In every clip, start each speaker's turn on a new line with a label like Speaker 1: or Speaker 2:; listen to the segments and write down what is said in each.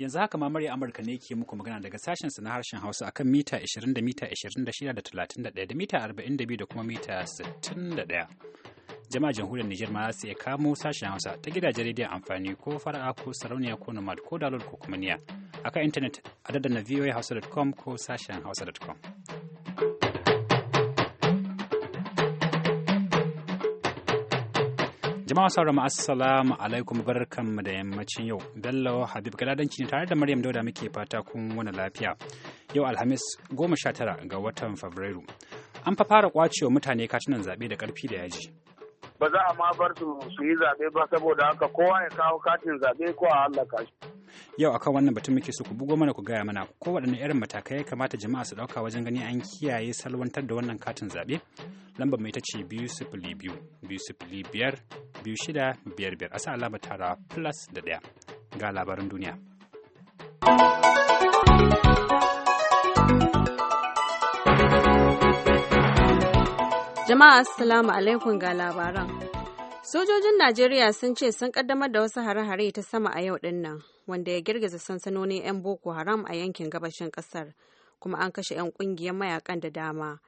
Speaker 1: Yanzu haka ma Amurka ne ke muku magana daga sashen na harshen Hausa akan mita 20 da mita 26 da 31 da mita 42 da kuma mita 61. Jama'a jamhuriyar Nijar ma su iya kamo sashen Hausa ta gidajen rediyon amfani ko fara'a ko sarauniya ko nomad ko dalol ko kuma niya. Akan intanet a dadana voahausa.com ko sashen hausa.com. Jama'a sauran assalamu alaikum mu da yammacin yau. Bello Habib Galadanci ne tare da Maryam Dauda muke fata kun wani lafiya. Yau Alhamis goma sha tara ga watan Fabrairu. An fa fara kwacewa mutane katunan zaɓe da ƙarfi da yaji.
Speaker 2: Ba za a ma bar su su yi zaɓe ba saboda haka kowa ya kawo katin zaɓe ko a hallaka shi.
Speaker 1: yau akan wannan batun muke so ku bugo mana ku gaya mana ko waɗanne irin matakai ya kamata jama'a su ɗauka wajen gani an kiyaye salwantar da wannan katin zaɓe lamba mai ta ce biyu sifili biyu biyu sifili biyar biyu shida biyar biyar a sa alamar tara plus da ɗaya ga labarin duniya.
Speaker 3: Jama'a Assalamu alaikum ga labaran. Sojojin Najeriya sun ce sun kaddamar da wasu hare-hare ta sama a yau din nan, wanda ya girgiza sansanonin 'yan Boko Haram a yankin gabashin kasar, kuma an kashe 'yan kungiyar mayakan da dama.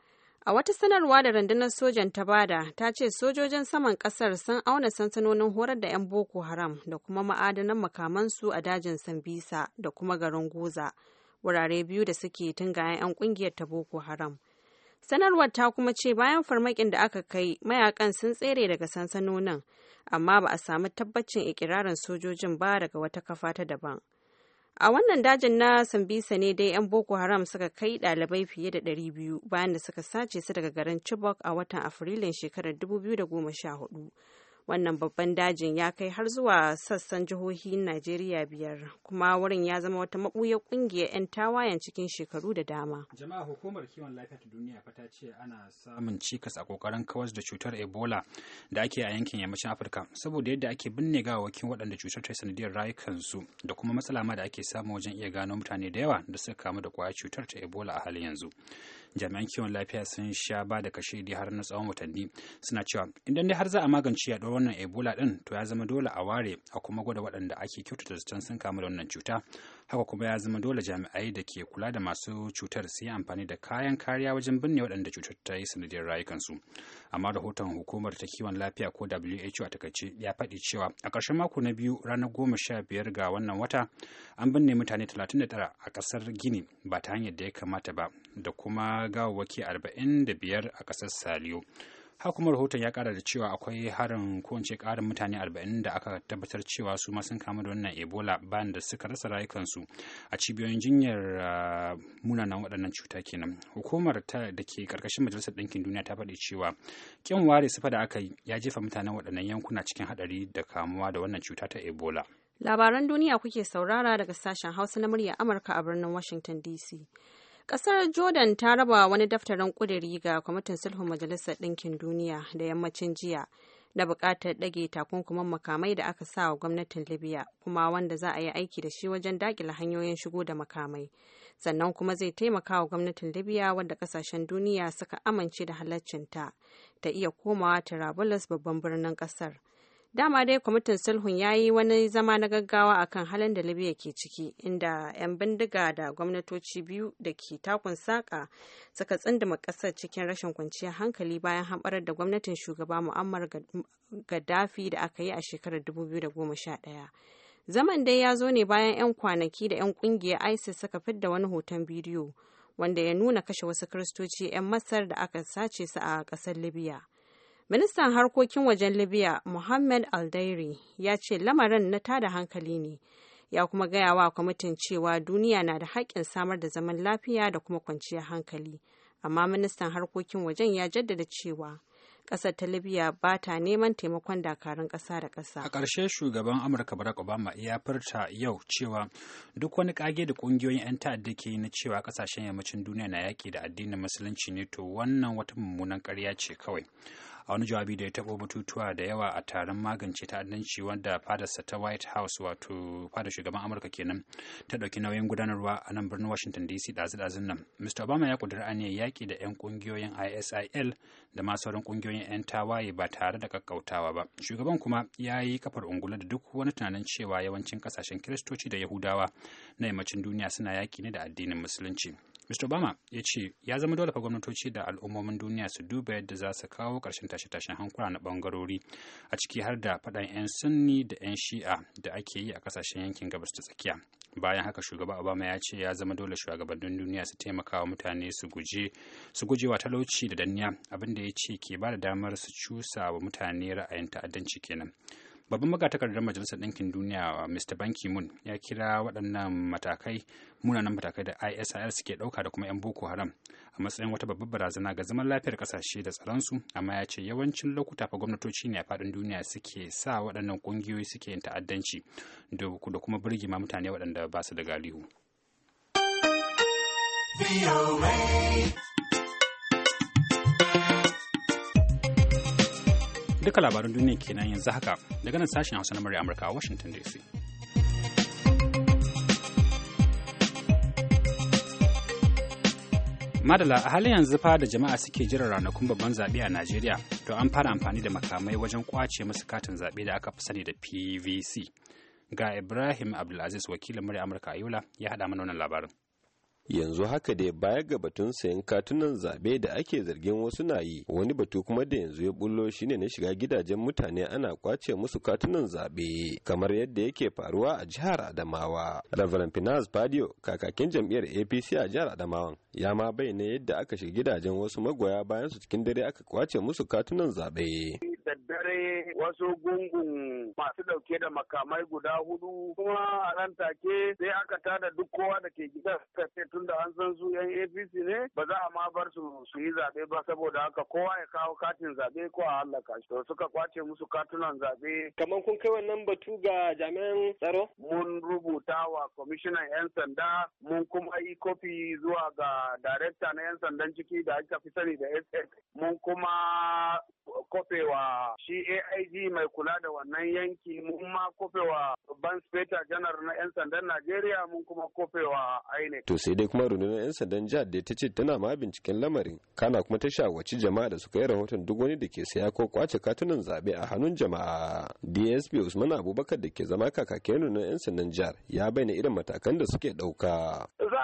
Speaker 3: A wata sanarwa da rundunar sojan ta bada ta ce sojojin saman kasar sun auna sansanonin horar da 'yan Boko Haram da kuma ma'adanan makamansu a dajin Sambisa da kuma garin guza wurare biyu da suke tungayen 'yan kungiyar ta Boko Haram. Sanarwar ta kuma ce bayan farmakin da aka kai mayakan sun tsere daga sansanonin amma ba a samu tabbacin ikirarin sojojin ba daga wata kafa ta daban. A wannan dajin na Sambisa ne dai 'yan Boko Haram suka kai dalibai fiye da 200 bayan da suka sace su daga garin Chibok a watan Afrilun shekarar 2014 wannan babban dajin ya kai har zuwa sassan jihohin najeriya biyar kuma wurin ya zama wata mabuya ƙungiyar 'yan tawayen cikin shekaru da dama jama'a hukumar kiwon
Speaker 1: lafiya ta duniya fata ce ana samun cikas a kokarin kawar da cutar ebola da ake a yankin yammacin afirka saboda yadda ake binne gawawakin waɗanda cutar ta sanadiyar rayukansu da kuma matsala ma da ake samu wajen iya gano mutane da yawa da suka kamu da kwayar cutar ta ebola a halin yanzu jami'an kiwon lafiya sun sha ba da kashe har na tsawon watanni suna cewa idan dai har za a magance yaɗuwar wannan ebola din to ya zama dole a ware a kuma gwada waɗanda ake kyautata zaton sun kamu da wannan cuta haka kuma ya zama dole jami'ai da ke kula da masu cutar su yi amfani da kayan kariya wajen binne waɗanda cutar ta yi sanadiyar rayukansu amma rahoton hukumar ta kiwon lafiya ko who a takaice ya faɗi cewa a ƙarshen mako na biyu ranar goma sha biyar ga wannan wata an binne mutane talatin da tara a ƙasar gini ba ta hanyar da ya kamata ba da kuma gawawwaki arba'in da biyar a ƙasar saliyo har kuma rahoton ya kara da cewa akwai harin ko karin mutane 40 da aka tabbatar cewa su ma sun kamu da wannan ebola bayan da suka rasa rayukansu a cibiyoyin jinyar ah, munanan waɗannan cuta kenan hukumar ta da ke karkashin majalisar ɗinkin duniya ta faɗi cewa kin ware sufa da aka ya jefa mutanen waɗannan yankuna cikin haɗari da kamuwa da wannan cuta ta ebola
Speaker 3: labaran duniya kuke saurara daga sashen hausa na murya amurka a birnin washington dc Ƙasar Jordan ta raba wani daftarin ƙudiri ga kwamitin sulhun Majalisar Ɗinkin Duniya da yammacin jiya da buƙatar ɗage takunkuman makamai da aka sa wa gwamnatin Libya kuma wanda za a yi aiki da shi wajen daƙile hanyoyin shigo da makamai. Sannan kuma zai taimaka wa gwamnatin Libya wadda ƙasashen duniya suka amince da halaccinta ta iya komawa Trablus babban birnin ƙasar. dama dai kwamitin sulhun ya yi wani zama na gaggawa akan halin da libya ke ciki inda 'yan bindiga da gwamnatoci biyu da ke takun saƙa suka tsindima ƙasar cikin rashin kwanciyar hankali bayan hamɓarar da gwamnatin shugaba mu'ammar gaddafi da aka yi a shekarar 2011 zaman dai ya zo ne bayan 'yan kwanaki da 'yan kungiyar isis suka fidda wani hoton bidiyo wanda ya nuna kashe wasu kiristoci 'yan masar da aka sace su a ƙasar libya ministan harkokin wajen libya mohammed aldairi ya ce lamarin na tada hankali ne ya kuma gaya wa kwamitin cewa duniya na da haƙƙin samar da zaman lafiya da kuma kwanciyar hankali amma ministan harkokin wajen ya jaddada cewa ƙasar ta libya ba ta neman taimakon dakarun ƙasa da ƙasa a
Speaker 1: ƙarshe shugaban amurka barack obama ya furta yau cewa duk wani ƙage da ƙungiyoyin 'yan ta'adda ke na cewa ƙasashen yammacin duniya na yaƙi da addinin musulunci ne to wannan wata mummunan ƙarya ce kawai a wani jawabi da ya taɓo batutuwa da yawa a taron magance ta'addanci wanda fadarsa ta white house wato fada shugaban amurka kenan ta ɗauki nauyin gudanarwa a nan birnin washington dc ɗazu nan mr obama ya ƙudiri ne yaki da 'yan kungiyoyin isil da ma sauran ƙungiyoyin 'yan tawaye ba tare da kakkautawa ba shugaban kuma ya yi kafar ungula da duk wani tunanin cewa yawancin kasashen kiristoci da yahudawa na yammacin duniya suna yaƙi ne da addinin musulunci Mr. Obama ya ce ya zama dole fa gwamnatoci da al'ummomin duniya su duba yadda za su kawo ƙarshen tashe-tashen hankula na ɓangarori a ciki har da faɗan 'yan sunni da 'yan shi'a da ake yi a ƙasashen yankin gabas ta tsakiya. Bayan haka shugaba Obama ya ce ya zama dole shugabannin duniya su taimaka wa mutane su guje su guje wa talauci da danniya abinda ya ce ke ba da damar su cusa wa mutane ra'ayin ta'addanci kenan. babban magatakardar majalisar ɗinkin duniya mr ban ki-moon ya kira waɗannan matakai munanan matakai da isis suke ɗauka da kuma 'yan boko haram a matsayin wata babbar barazana ga zaman lafiyar ƙasashe da tsaronsu amma ya ce yawancin lokuta fa gwamnatoci ne a faɗin duniya suke sa waɗannan ƙungiyoyi suke yin ta'addanci da kuma birgima mutane waɗanda ba su da galihu. duka labaran duniya kenan yanzu haka daga nan sashen hausa na murya amurka a washington dc madala a halin yanzu fa da jama'a suke jiran ranakun babban zaɓe a najeriya to an fara amfani da makamai wajen kwace musu katin zaɓe da aka fi sani da pvc ga ibrahim abdulaziz wakilin murya amurka a yola ya haɗa mana wannan labarin
Speaker 4: yanzu haka dai baya ga batun sayan katunan zabe da ake zargin wasu na yi wani batu kuma da yanzu ya bullo shine na shiga gidajen mutane ana kwace musu katunan zabe kamar yadda yake faruwa a jihar adamawa reverend finance padio kakakin jam'iyyar apc a jihar adamawan ya ma bayyana yadda aka shiga gidajen wasu magoya bayan su cikin dare aka kwace musu katunan
Speaker 2: zabe tare wasu gungun masu dauke da makamai guda hudu kuma a nan take sai aka tada duk kowa da ke gida suka ce tun da an san su yan APC ne ba za a ma bar su su yi zaɓe ba saboda haka kowa ya kawo katin zaɓe ko a hallaka shi suka kwace musu katunan zaɓe. Kamar kun kai wannan batu ga jami'an tsaro? Mun rubuta wa kwamishinan 'yan sanda mun kuma yi kofi zuwa ga darekta na 'yan sandan ciki da aka fi sani da sf mun kuma kofewa shi shi AIG mai kula da wannan yanki mun ma kofewa babban speta janar na 'yan sandan Najeriya mun kuma kofewa INEC.
Speaker 4: To sai dai kuma rundunar 'yan sandan jihar da ta ce tana ma binciken lamarin kana kuma ta shawarci jama'a da suka yi rahoton duk wani da ke saya ko kwace katunan zaɓe a hannun jama'a. DSP Usman Abubakar da ke zama kakakin rundunar 'yan sandan jihar ya bayyana irin matakan da suke ɗauka.
Speaker 2: Za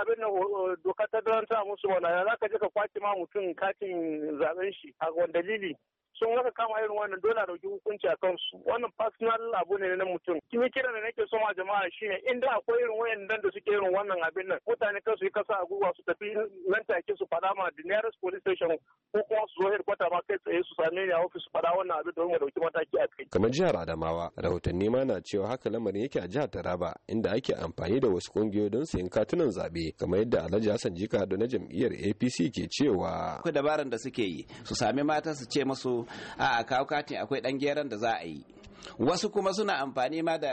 Speaker 2: abin da doka ta ta musu wala za ka je ka kwace ma mutum katin zaben shi a wani dalili sun waka kama irin wannan dole a dauki hukunci a kansu wannan personal abu ne na mutum kin kiran da nake so ma jama'a shine in da akwai irin wayannan da suke irin wannan abin nan mutane kansu yi kasa a guguwa su tafi nan take su fada ma the nearest police station ko kuma su zo headquarter ma kai tsaye su same ni a office su fada wannan abin domin ya dauki mataki a kai kamar
Speaker 4: jihar Adamawa rahotanni ma na cewa haka lamarin yake a jihar Taraba inda ake amfani da wasu kungiyoyi don yin katunan zabe kamar yadda Alhaji Hassan Jika na jam'iyyar APC ke cewa akwai dabaran da suke yi su sami mata su ce masu a kawo katin akwai dan geran da za a yi wasu kuma suna amfani ma da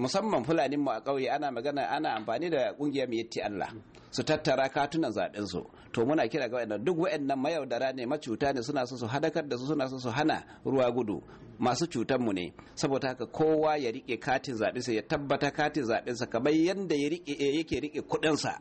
Speaker 4: musamman fulanin mu a ƙauye ana magana ana amfani da kungiyar yatti Allah su tattara katunan zaɓensu su to muna kira ga waɗannan duk wayannan mayaudara ne macuta ne suna so su hadakar da su suna so su hana ruwa gudu masu cutar mu ne saboda haka kowa ya rike katin zaɓen sa ya tabbata katin zaɓen sa kamar yanda ya rike yake rike kuɗin sa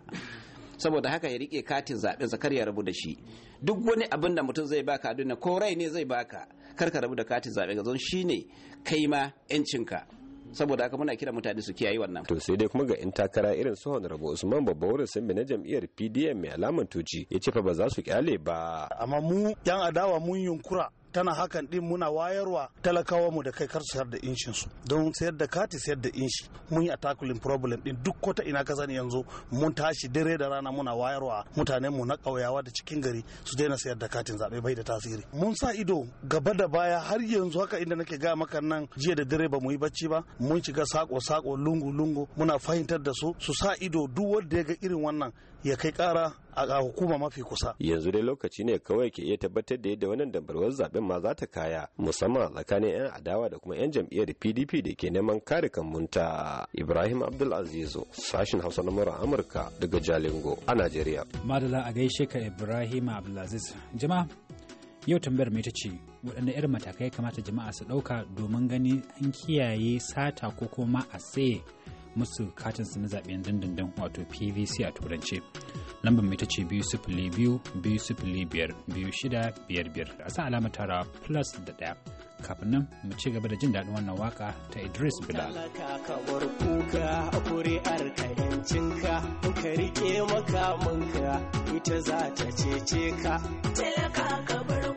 Speaker 4: saboda haka ya rike katin zaɓe zakar ya rabu da shi duk wani abin da mutum zai baka duniya ko rai ne zai baka kar ka rabu da katin zaɓe ga zon ne kai ma yancinka saboda haka muna kira mutane su kiyaye wannan to sai dai kuma ga in takara irin su rabu usman babba wurin sun na jam'iyyar pdm mai alaman tuji ya ce fa ba
Speaker 2: za su kyale ba amma mu yan adawa mun yunkura tana hakan din muna wayarwa talakawa mu da kai kar sayar da inshin su don sayar da kati sayar da inshi mun yi takulin problem din duk kota ina ka sani yanzu mun tashi dare da rana muna wayarwa mutanen mu na kauyawa da cikin gari su daina sayar da katin zabe bai da tasiri mun sa ido gaba da baya har yanzu haka inda nake ga maka nan jiya da dare ba mu yi bacci ba mun shiga sako sako lungu lungu muna fahimtar da su su sa ido duk wanda ya ga irin wannan ya kai kara a hukuma mafi kusa
Speaker 4: yanzu dai lokaci ne kawai ke iya tabbatar da yadda wannan dambarwar zaben ma za ta kaya musamman tsakanin yan adawa da kuma yan jam'iyyar PDP da ke neman kare kammunta Ibrahim Abdulaziz sashin Hausa na mura Amurka daga Jalingo a Najeriya
Speaker 1: madala a gaishe ka Ibrahim Abdulaziz jama'a yau tambayar mai ta ce waɗanne irin matakai kamata jama'a su ɗauka domin gani an kiyaye sata ko kuma a tsaye musu su na zaben dindindin wato pvc a turance lambar mai ta ce biyu sifili biyu biyu sifili biyar biyu shida biyar biyar a sa alamar tara plus da ɗaya kafin nan mu ci gaba da jin daɗin wannan waka ta idris bilal
Speaker 5: kuka ka ka ka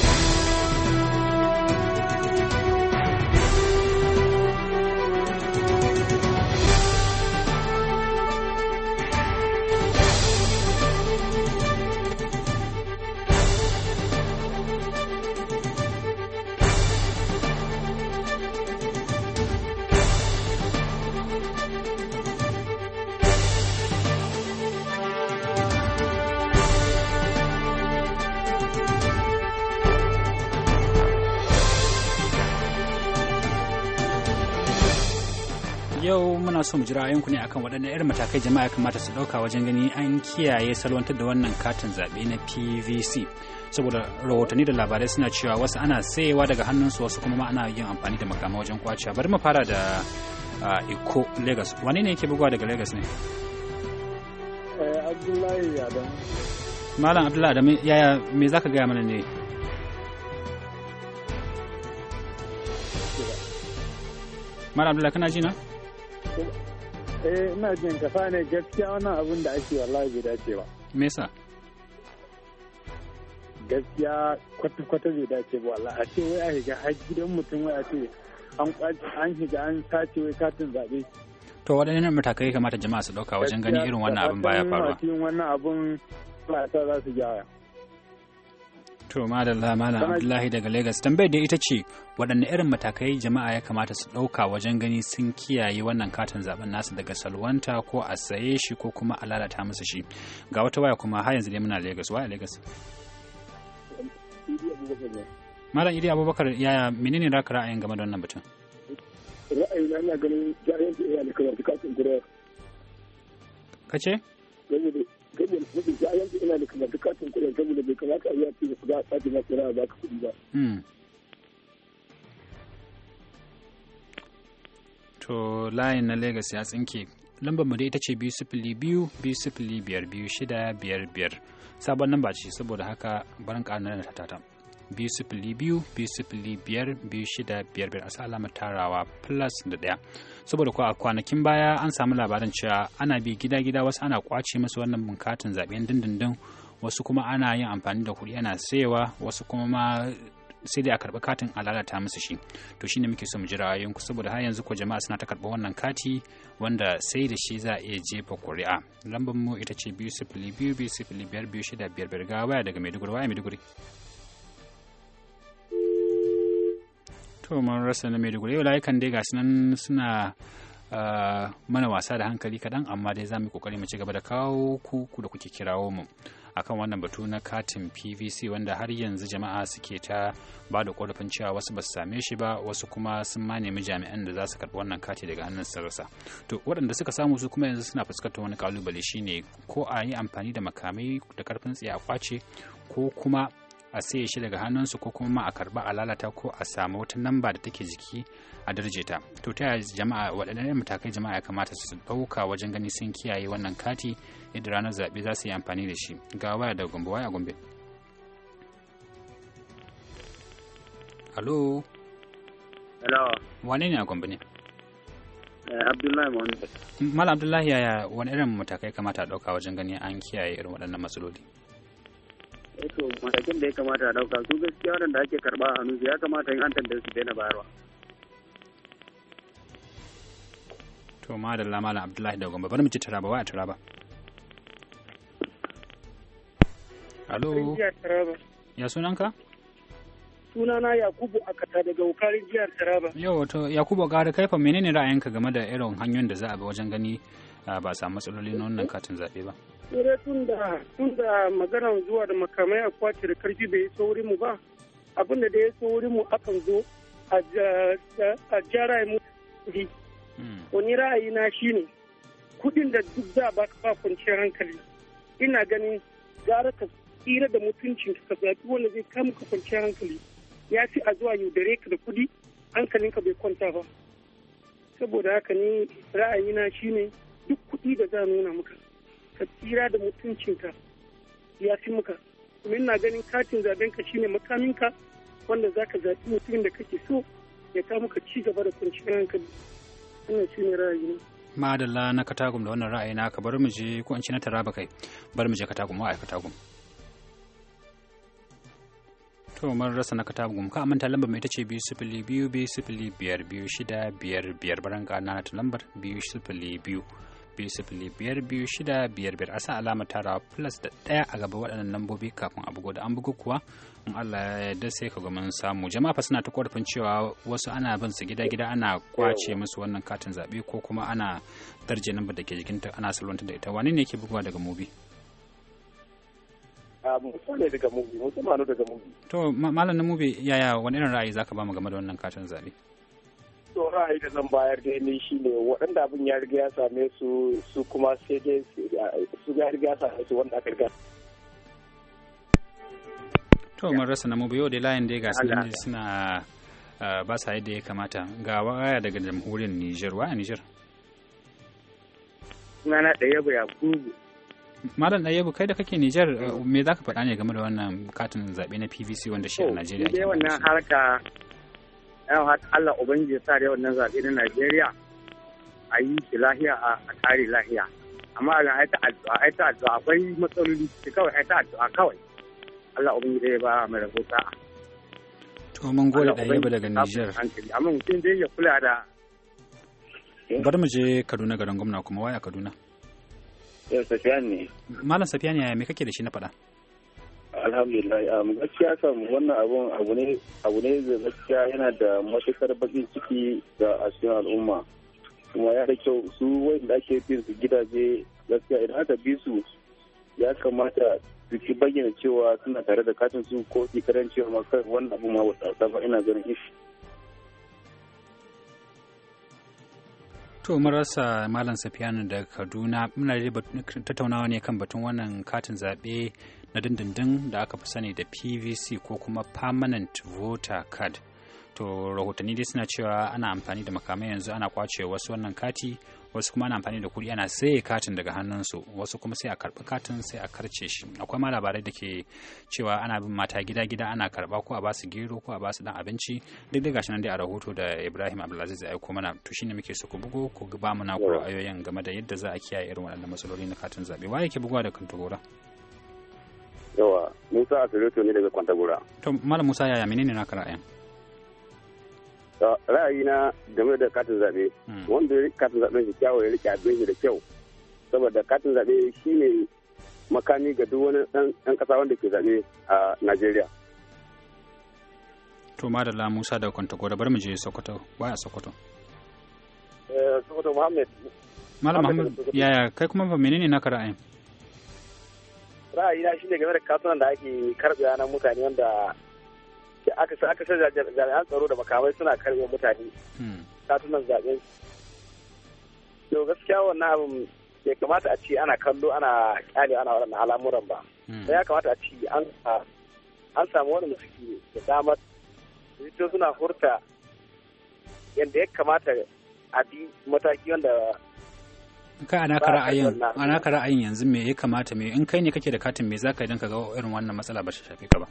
Speaker 1: muna so mu jira ra'ayinku ne akan waɗanne irin matakai jama'a kamata su ɗauka wajen gani an kiyaye salwantar da wannan katin zaɓe na PVC. saboda rahotanni da labarai suna cewa wasu ana sayewa daga hannunsu wasu kuma ana yin amfani da makama wajen kwaciya bari mu fara da iko ah, lagos wani ne ke bugawa daga lagos ne
Speaker 2: eh, abdullahi adam
Speaker 1: malam abdullahi adam yaya me zaka gaya mana ne malam abdullahi kana ji na
Speaker 2: eh ina jin kasa ne gaskiya wannan abin da ake wallahi bai dace ba me yasa gaskiya kwata-kwata bai dace ba wallahi a ce wai a shiga har gidan mutum wai a ce an kwace an shiga an sace wai katin zaɓe
Speaker 1: to waɗannan matakai kamata jama'a su ɗauka wajen ganin irin wannan abin baya faruwa
Speaker 2: wannan abin ba za su gyara
Speaker 1: To madalla malam Abdullahi daga Lagos tambayar da ita ce waɗanne irin matakai jama'a ya kamata su ɗauka wajen gani sun kiyaye wannan katon zaben nasu daga salwanta ko a saye shi ko kuma a lalata musu shi. Ga wata waya kuma har yanzu ne muna Lagos waya Lagos. Malam Idi Abubakar yaya menene raka ra'ayin game da wannan batun?
Speaker 2: Ra'ayi na ganin jayen da iya kamar katin guda. Kace? Yanzu da katin saboda bai kamata a yi a sake na ba ka
Speaker 1: hmm. ba. To layin na Legas ya tsinke. Lambar mu dai ita ce biyu sifili biyu biyu sifili biyar biyu shida biyar biyar. Sabon lamba ce saboda haka barin ƙarnar da ta biyu sifili biyu biyu biyar shida biyar biyar a sa alamar tarawa plus da ɗaya saboda kuwa a kwanakin baya an samu labarin cewa ana bi gida-gida wasu ana kwace musu wannan bunkatin zaben dindindin wasu kuma ana yin amfani da kuɗi ana sayewa wasu kuma ma sai dai a karɓi katin a lalata musu shi to shine muke so mu jira ku saboda har yanzu ko jama'a suna ta karɓi wannan kati wanda sai da shi za a iya jefa ƙuri'a lambar mu ita ce biyu sifili biyu biyu sifili biyar biyu shida biyar biyar ga waya daga maiduguri waya maiduguri to mun rasa na maiduguri yau layukan dai gasu nan suna ah, mana wasa da hankali kaɗan amma dai za mu kokari mu ci gaba da kawo ku da kuke kirawo mu akan wannan batu na katin pvc wanda har yanzu jama'a suke ta ba da korafin cewa wasu ba su same shi ba wasu kuma sun ma nemi jami'an da za su karɓi wannan kati daga hannun sarasa to waɗanda suka samu su kuma yanzu suna fuskantar wani kalubale shine ko a yi amfani da makamai da karfin tsaye a kwace ko kuma a saye shi daga hannunsu ko kuma a karba a lalata ko a samu wata namba da take jiki a darje ta to ta jama'a waɗannan matakai jama'a ya kamata su ɗauka wajen gani sun kiyaye wannan kati yadda ranar zaɓe za su yi amfani da shi ga waya da gombe waya gombe alo hello wane ne a gombe ne eh,
Speaker 2: Abdullahi Muhammad.
Speaker 1: Mal Abdullahi yaya wani irin matakai kamata a ɗauka wajen gani an kiyaye irin waɗannan matsaloli?
Speaker 2: to matakin da ya kamata a dauka su gaskiya wadanda ake karba a hannu ya kamata in an tambaye su daina bayarwa
Speaker 1: to madalla malam abdullahi da gombe bari mu ci taraba waya taraba alo ya sunanka
Speaker 2: sunana yakubu akata
Speaker 1: daga wukarin jihar taraba yau to yakubu gari kaifa menene ra'ayinka game da irin hanyoyin da za a bi wajen gani ba a samu matsaloli na wannan katin zaɓe ba
Speaker 2: tsere tun da tun da maganar zuwa da makamai a kwace da karfi bai iso wuri mu ba abin da ya iso wuri mu akan zo a jara mu kudi wani ra'ayi na shine kudin da duk da ba ka ba kwanciyar hankali ina ganin gara ka tsira da mutuncin ka zaɓi wanda zai kama ka kwanciyar hankali ya fi a zuwa yaudare ka da kudi hankalinka bai kwanta ba saboda haka ni ra'ayina shine duk kuɗi da za nuna maka ka tsira da mutuncinka ya fi muka kuma ina ganin katin zaben ka shine ka wanda za ka zaɓi mutumin da kake so ya kawo muka ci gaba da kwanciyar hankali wannan shi ne ra'ayina
Speaker 1: madalla na katagum da wannan ra'ayi ka bar mu je ko in ci na taraba kai bar mu je katagum wa katagum to mun rasa na katagum ka aminta lambar mai ita ce biyu sifili biyu biyu sifili biyar biyu shida biyar biyar baran nanata na lambar biyu sifili biyu biyu a sa alamar tarawa plus da ɗaya a gaba waɗannan lambobi kafin a bugo da an bugu kuwa in Allah ya yarda sai ka mun samu jama'a fa suna ta korafin cewa wasu ana bin su gida gida ana kwace musu wannan katin zaɓe ko kuma ana darje nan da ke jikinta ana salwantar da ita wani ne ke bugawa daga mobi
Speaker 2: daga mubi daga mubi
Speaker 1: to malam na mubi yaya wani irin ra'ayi zaka ba mu game da wannan katin zaɓe
Speaker 2: to ra'ayi da zan bayar da shi ne waɗanda abin ya riga ya same su su kuma sai dai su ya riga ya same su wanda aka riga
Speaker 1: to mun rasa namu biyo da layin da ga su suna ba sa yadda ya kamata ga waya daga jamhuriyar Niger waya Niger
Speaker 2: sunana ɗaya ba ya kugu
Speaker 1: Malam Ɗayyabu kai da kake Nijar me za ka faɗa ne game da wannan katin zaɓe na PVC wanda shi a Najeriya ke wannan harka
Speaker 2: haka Allah ubangiji ya sa da wannan zaɓe na Najeriya a yi shi lahiya a tare lahiya amma a aita addu'a aita addu'a akwai matsaloli kawai aita addu'a kawai Allah ubangiji ya ba mai rahota
Speaker 1: to mun gode da yaba daga Niger
Speaker 2: amma mutum dai ya kula da
Speaker 1: Bar mu je Kaduna garin gwamna kuma waya Kaduna
Speaker 2: Yau Safiyani.
Speaker 1: Malam Safiyani yaya me kake da shi na faɗa?
Speaker 2: alhamdulillah gaskiya kan wannan abun abu ne abu ne da gaskiya yana da matukar bakin ciki ga asirin al'umma kuma ya da kyau su wanda ake bin su gidaje gaskiya idan aka bi su ya kamata su ki bayyana cewa suna tare da katin su ko karan cewa makar wannan abu ma wata ba ina ganin ish
Speaker 1: To marasa Malam Safiyanu da Kaduna muna tattaunawa ne kan batun wannan katin zaɓe na dindindin da aka fi sani da pvc ko kuma permanent voter card to rahotanni dai suna cewa ana amfani da makamai yanzu ana kwace wasu wannan kati wasu kuma ana amfani da kuɗi ana saye katin daga hannunsu wasu kuma sai a karɓi katin sai a karce shi akwai ma labarai da ke cewa ana bin mata gida gida ana karɓa ko a ba su gero ko a ba su dan abinci duk da gashi nan dai a rahoto da Ibrahim Abdulaziz ya aiko mana to shine muke so ku bugo ku ba mu na ku ra'ayoyin game da yadda za a kiyaye irin waɗannan matsaloli na katin zaɓe wa yake bugawa da kantogora.
Speaker 2: yawa musa asireto ne daga kwantagura
Speaker 1: to malam musa yaya menene naka ra'ayin
Speaker 2: ra'ayina game da katin zaɓe hmm. wanda ya katin zaɓe shi kyawo ya rike abin shi da kyau saboda katin zaɓe shi ne makami ga duk wani ɗan ƙasa wanda ke zaɓe a najeriya
Speaker 1: to madalla musa da kwantagora bar mu je sokoto baya sokoto
Speaker 2: eh, sokoto muhammad
Speaker 1: malam muhammad yaya kai kuma ba menene naka ra'ayin
Speaker 2: shi shine game da kasuwan da ake karɓe yanar mutane wanda aka sa aka sa jami'an tsaro da makamai suna karɓe mutane hmm. kasuwan zaɓen to gaskiya wannan abin bai kamata a ce ana kallo ana kyale ana waɗannan al'amuran ba hmm. sai ya kamata a ce an an samu wani suke da damar su suna hurta yadda ya kamata a bi mataki wanda
Speaker 1: kai ana ka ra'ayin ana ka ra'ayin yanzu me ya kamata me in kai ne kake da katin me zaka idan ka ga irin wannan matsala ba shi shafe ka ba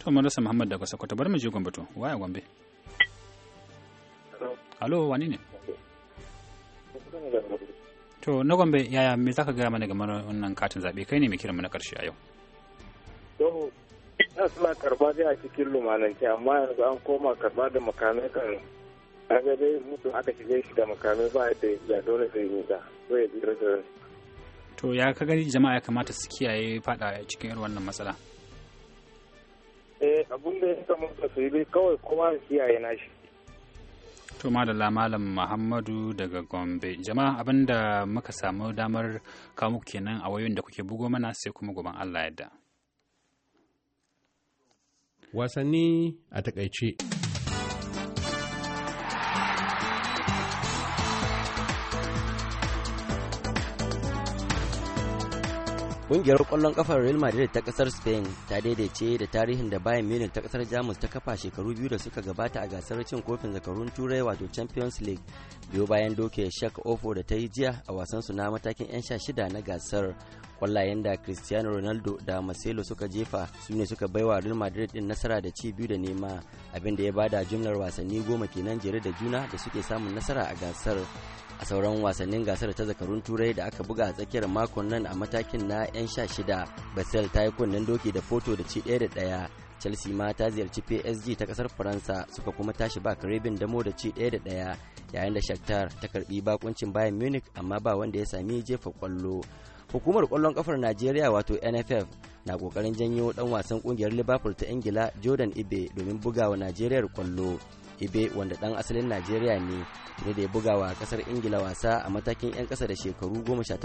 Speaker 1: to marasa muhammad daga sokoto bar mu je gombe to waya gombe alo wani ne to na gombe yaya me zaka gaya mana game da wannan katin zabe kai ne mai kiran mu na karshe a yau
Speaker 2: to suna karba dai a cikin lumanance amma yanzu an koma karba da makamai kan kaga dai mutum aka shige shi da makamai ba yadda ya dole ya da
Speaker 1: to ya ka gani jama'a ya kamata su kiyaye fada cikin irin wannan matsala
Speaker 2: eh abun da ya kamata su yi dai kawai kowa kiyaye nashi
Speaker 1: to madalla malam muhammadu daga gombe jama'a abinda muka samu damar kamu kenan a wayoyin da kuke bugo mana sai kuma gaban allah yadda
Speaker 5: wasanni
Speaker 1: a takaice
Speaker 6: Ƙungiyar ƙwallon ƙafar Real Madrid ta ƙasar Spain ta daidaice da tarihin da bayan Munich ta ƙasar Jamus ta kafa shekaru biyu da suka gabata a gasar cin kofin zakarun Turai wato Champions League biyo bayan doke shak Ofo da ta yi jiya a wasan su na matakin 'yan sha shida na gasar kwallayen da cristiano ronaldo da marcelo suka jefa su ne suka baiwa real madrid din nasara da ci biyu da nema abin da ya bada jumlar wasanni goma kenan jere da juna da suke samun nasara a gasar a sauran wasannin gasar ta zakarun turai da aka buga a tsakiyar makon nan a matakin na 'yan sha shida basel ta yi kunnen doki da foto da ci ɗaya da ɗaya chelsea ma ta ziyarci psg ta kasar faransa suka kuma tashi ba karibin damo da ci daya da ɗaya yayin da shakhtar ta karbi bakuncin bayan munich amma ba wanda ya sami jefa kwallo hukumar kwallon kafar najeriya wato nff na kokarin janyo dan wasan kungiyar liverpool ta ingila jordan ibe domin bugawa najeriyar kwallo ibe wanda dan asalin najeriya ne ne da ya bugawa wa kasar ingila wasa a matakin 'yan kasa da shekaru 18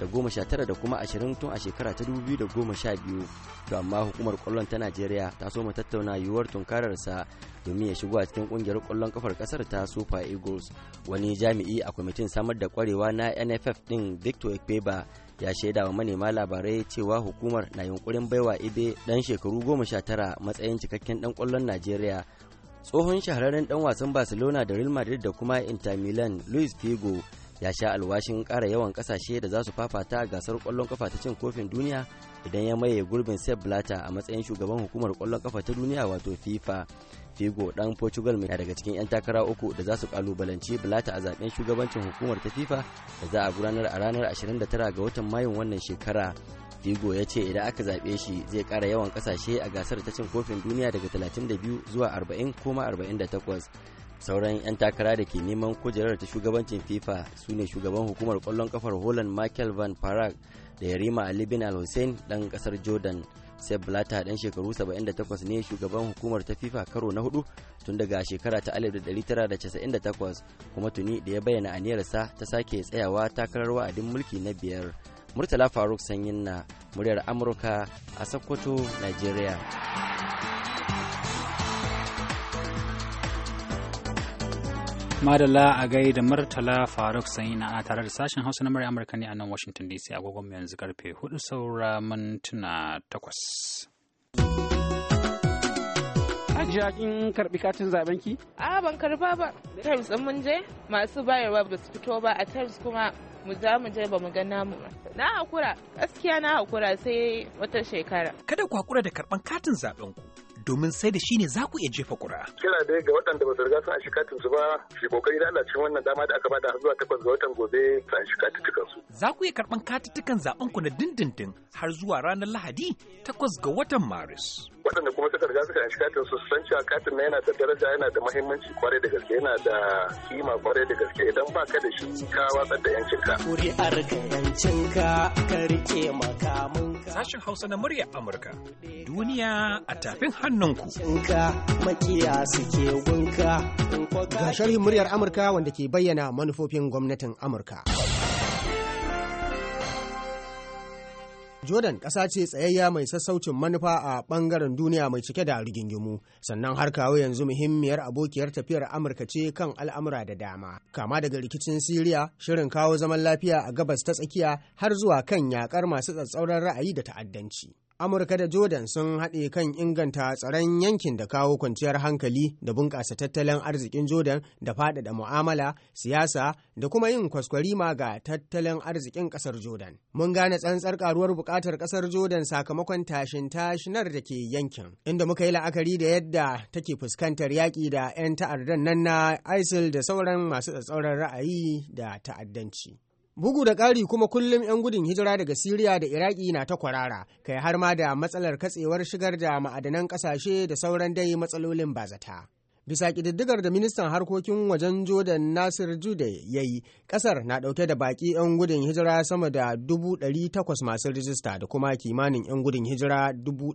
Speaker 6: da 19 da kuma 20 tun a shekara ta 2012 to amma hukumar kwallon ta najeriya ta so tattauna yiwuwar tunkararsa domin ya shigo a cikin kungiyar kwallon kafar kasar ta super eagles wani jami'i a kwamitin samar da kwarewa na nff din victor ekpeba ya shaida wa manema labarai cewa hukumar na yunkurin baiwa ibe dan shekaru goma sha tara matsayin cikakken dan kwallon najeriya tsohon shahararren dan wasan barcelona da real madrid da kuma inter milan luis figo ya sha alwashin kara yawan kasashe da za su fafata a gasar kwallon kafa ta cin kofin duniya idan ya maye gurbin Sepp Blatter a matsayin shugaban hukumar kwallon kafa ta duniya wato FIFA. figo dan portugal mai daga cikin 'yan takara uku da za su kalubalanci bulata a zaben shugabancin hukumar ta fifa da za a gudanar a ranar 29 ga watan mayun wannan shekara figo ya ce idan aka zaɓe shi zai kara yawan ƙasashe a gasar ta cin kofin duniya daga 32 zuwa 40 koma 48 sauran 'yan takara da ke neman kujerar ta shugabancin fifa su ne shugaban hukumar kwallon kafar holland michael van parag da yarima rima alibin al-hussein ɗan ƙasar jordan sai blata dan shekaru 78 ne shugaban hukumar ta fifa karo na hudu tun daga shekara ta 1998 kuma tuni da ya bayyana aniyarsa ta sake tsayawa takarar wa'adin mulki na biyar murtala faruk sanyin na muryar amurka a sokoto nigeria Madala a gai da
Speaker 1: Murtala Faruk sanyi na tare da sashen Hausa na murya Amurka ne a nan Washington DC agogon yanzu karfe 4 saura mintuna 8. Hajiya kin karɓi katin zaben ki?
Speaker 3: A ban karɓa ba. Terms ɗin mun je masu bayarwa ba su fito ba a terms kuma mu za mu je ba mu ga namu ba. Na hakura, gaskiya na hakura sai wata shekara.
Speaker 1: Kada ku hakura da karɓan katin zaben ku. domin sai da shi ne za ku iya jefa ƙuri'a.
Speaker 2: Kira dai ga waɗanda ba su riga sun an shiga su ba shi kokari da Allah cikin wannan dama da aka bada zuwa takwas ga watan gobe su an shiga su.
Speaker 1: Za ku iya karɓan katuttukan zaɓen ku na dindindin har zuwa ranar Lahadi takwas ga watan Maris.
Speaker 2: waɗanda kuma suka riga suka shiga katin su san cewa katin na yana da daraja yana da mahimmanci kwarai da gaske yana da kima kwarai da gaske idan
Speaker 1: ba ka da shi ka watsar da yancinka. Kuri'ar
Speaker 5: ka yancinka ka rike ka
Speaker 1: Sashen Hausa na murya Amurka.
Speaker 5: Duniya a tafin hannunku. Ga sharhin muryar Amurka wanda ke bayyana manufofin gwamnatin Amurka. Jordan ƙasa ce tsayayya mai sassaucin manufa a ɓangaren duniya mai cike da rigingimu, sannan har kawo yanzu muhimmiyar abokiyar tafiyar Amurka ce kan al'amura da dama, kama daga rikicin Siriya, shirin kawo zaman lafiya a gabas ta tsakiya har zuwa kan yakar masu tsatsauran ra'ayi da ta'addanci. Amurka da Jordan sun haɗe kan inganta tsaron yankin da kawo kwanciyar hankali da bunƙasa tattalin arzikin Jordan da faɗaɗa mu'amala, siyasa da kuma yin kwaskwarima ga tattalin arzikin ƙasar Jordan. Mun gane tsantsar ƙaruwar buƙatar ƙasar Jordan sakamakon tashin tashinar da ke yankin, inda muka yi la'akari da yadda take fuskantar yaƙi da 'yan ta'addan nan na ISIL da sauran masu tsatsauran ra'ayi da ta'addanci. Bugu da ƙari kuma kullum 'yan gudun hijira daga Siriya da Iraki na ta kwarara, kai har ma da matsalar katsewar shigar da ma'adanan ƙasashe da sauran dai matsalolin bazata. Bisa ƙididdigar da ministan harkokin wajen Jordan Nasir Jude ya yi, ƙasar na ɗauke da baƙi 'yan gudun hijira sama da dubu takwas masu rijista da kuma kimanin 'yan gudun hijira dubu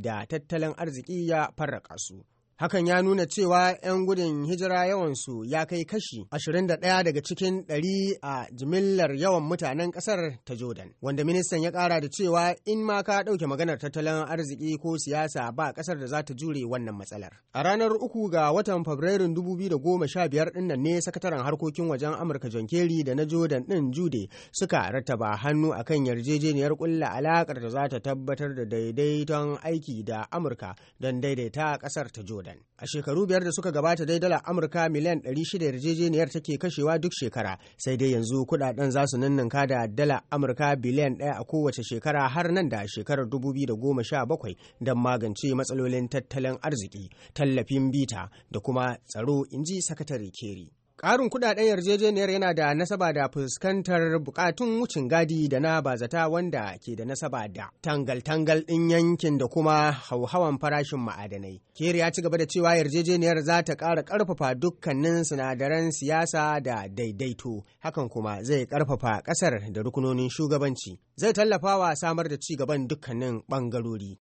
Speaker 5: da tattalin arziki ya farraka su. Hakan ya nuna cewa 'yan gudun hijira yawansu ya kai kashi 21 daga cikin 100 a jimillar yawan mutanen kasar ta Jordan. Wanda ministan ya kara da cewa in ma ka ɗauke maganar tattalin arziki ko siyasa ba kasar da za ta jure wannan matsalar. A ranar uku ga watan Fabrairun 2015 ɗin nan ne sakataren harkokin wajen Amurka John Kerry da na Jordan ɗin Jude suka rattaba hannu akan yarjejeniyar ƙulla alakar da za ta tabbatar da daidaiton aiki da Amurka don daidaita ƙasar ta Jordan. jordan a shekaru biyar da suka gabata dai dala amurka miliyan 600 yarjejeniyar take kashewa duk shekara sai dai yanzu kudaden za su ninninka da dala amurka biliyan ɗaya a kowace shekara har nan da shekarar 2017 don magance matsalolin tattalin arziki tallafin bita da kuma tsaro inji sakatare keri Ƙarin kuɗaɗen yarjejeniyar yana da nasaba da fuskantar bukatun wucin gadi da na bazata wanda ke da nasaba da tangal-tangal ɗin yankin da kuma hauhawan farashin ma'adanai. Keri ya ci gaba da cewa yarjejeniyar za ta ƙara ƙarfafa dukkanin sinadaran siyasa da daidaito, hakan kuma zai ƙarfafa ƙasar da rukunonin shugabanci. Zai tallafawa samar da ci gaban dukkanin ɓangarori.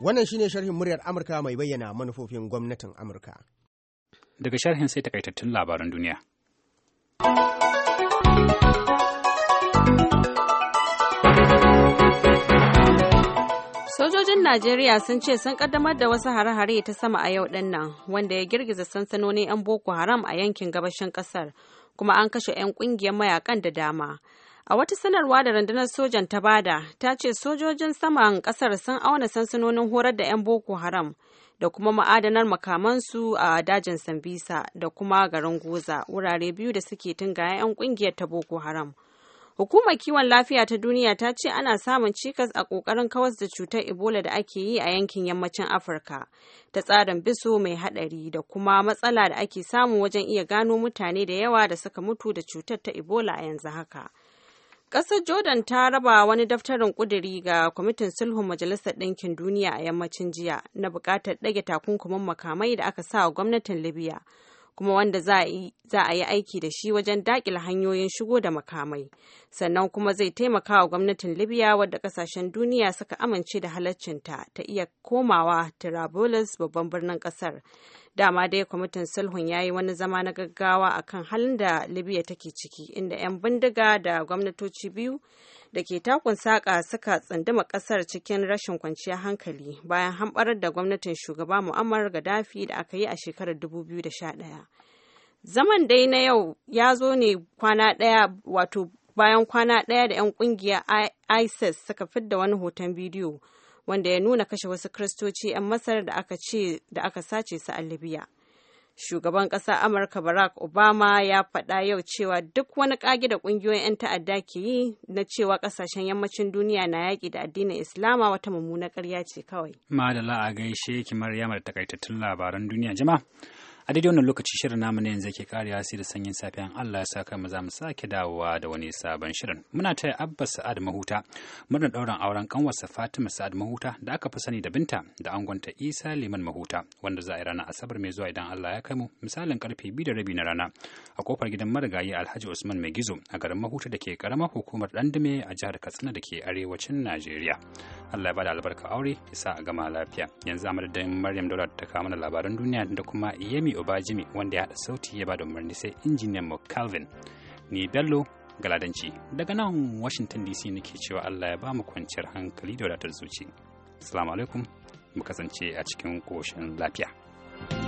Speaker 5: Wannan shine sharhin muryar Amurka mai bayyana manufofin gwamnatin Amurka.
Speaker 1: daga sharhin sai takaitattun labaran duniya.
Speaker 3: Sojojin Najeriya sun ce sun kaddamar da wasu hare-hare ta sama a yau din nan wanda ya girgiza sansanonin 'yan Boko Haram a yankin gabashin kasar kuma an kashe 'yan kungiyar mayakan da dama. A wata sanarwa da rundunar sojan ta bada ta ce sojojin saman kasar sun auna sansanonin horar da 'yan Boko Haram da kuma ma'adanar makamansu a dajin Sambisa da kuma garin Goza wurare biyu da suke tunga 'yan kungiyar ta Boko Haram. Hukumar kiwon lafiya ta duniya ta ce ana samun cikas a ƙoƙarin kawas da cutar Ebola da ake yi a yankin yammacin Afirka ta tsarin biso mai haɗari da kuma matsala da ake samu wajen iya gano mutane da yawa da suka mutu da cutar ta Ebola a yanzu haka. Ƙasar Jordan ta raba wani daftarin ƙuduri ga kwamitin sulhun Majalisar Ɗinkin Duniya a yammacin jiya na buƙatar ɗage takunkumin makamai da aka sa wa gwamnatin Libya. kuma wanda za a yi aiki da shi wajen dakila hanyoyin shigo da makamai sannan kuma zai taimaka wa gwamnatin libya wadda kasashen duniya suka amince da halaccinta ta iya komawa tirabolis babban birnin kasar dama dai kwamitin sulhun ya yi wani zama na gaggawa a kan halin da libya take ciki inda 'yan bindiga da gwamnatoci biyu da ke takun saƙa suka tsunduma ƙasar cikin rashin kwanciyar hankali bayan hamɓarar da gwamnatin shugaba mu'ammar gaddafi da aka yi a shekarar 2011 zaman dai na yau ya zo ne kwana ɗaya wato bayan kwana ɗaya da 'yan ƙungiyar isis suka fidda wani hoton bidiyo wanda ya nuna kashe wasu kristoci 'yan masar da aka sace su a libya Shugaban ƙasa Amurka Barack Obama ya faɗa yau cewa duk wani ƙage da ƙungiyoyin 'yan ta'adda ke yi na cewa ƙasashen yammacin duniya na yaƙi da addinin Islama wata mummunar ƙarya ce kawai.
Speaker 1: Madala a gaishe ki maryama da takaitattun labaran duniya jima. a daidai wannan lokaci shirin namu ne yanzu ke kare sai da sanyin safiyan Allah ya sa kai mu za mu sake dawowa da wani sabon shirin muna taya Abba Sa'ad Mahuta murnar ɗaurin auren kanwarsa Fatima Sa'ad Mahuta da aka fi sani da binta da angonta Isa Liman Mahuta wanda za a yi rana Asabar mai zuwa idan Allah ya kai mu misalin karfe biyu da rabi na rana a kofar gidan marigayi Alhaji Usman Mai Gizo a garin Mahuta da ke karamar hukumar dandame a jihar Katsina da ke arewacin Najeriya Allah ya bada albarka aure ya sa a gama lafiya yanzu a madadin Maryam Dauda ta kawo mana labaran duniya da kuma Yemi Obajimi wanda ya haɗa sauti ya bada umarni sai injiniyan mu Calvin. Ni Bello Galadanci daga nan Washington DC nake cewa Allah ya ba mu kwanciyar hankali da wadatar zuci. Assalamu alaikum mu kasance a cikin koshin lafiya. thank you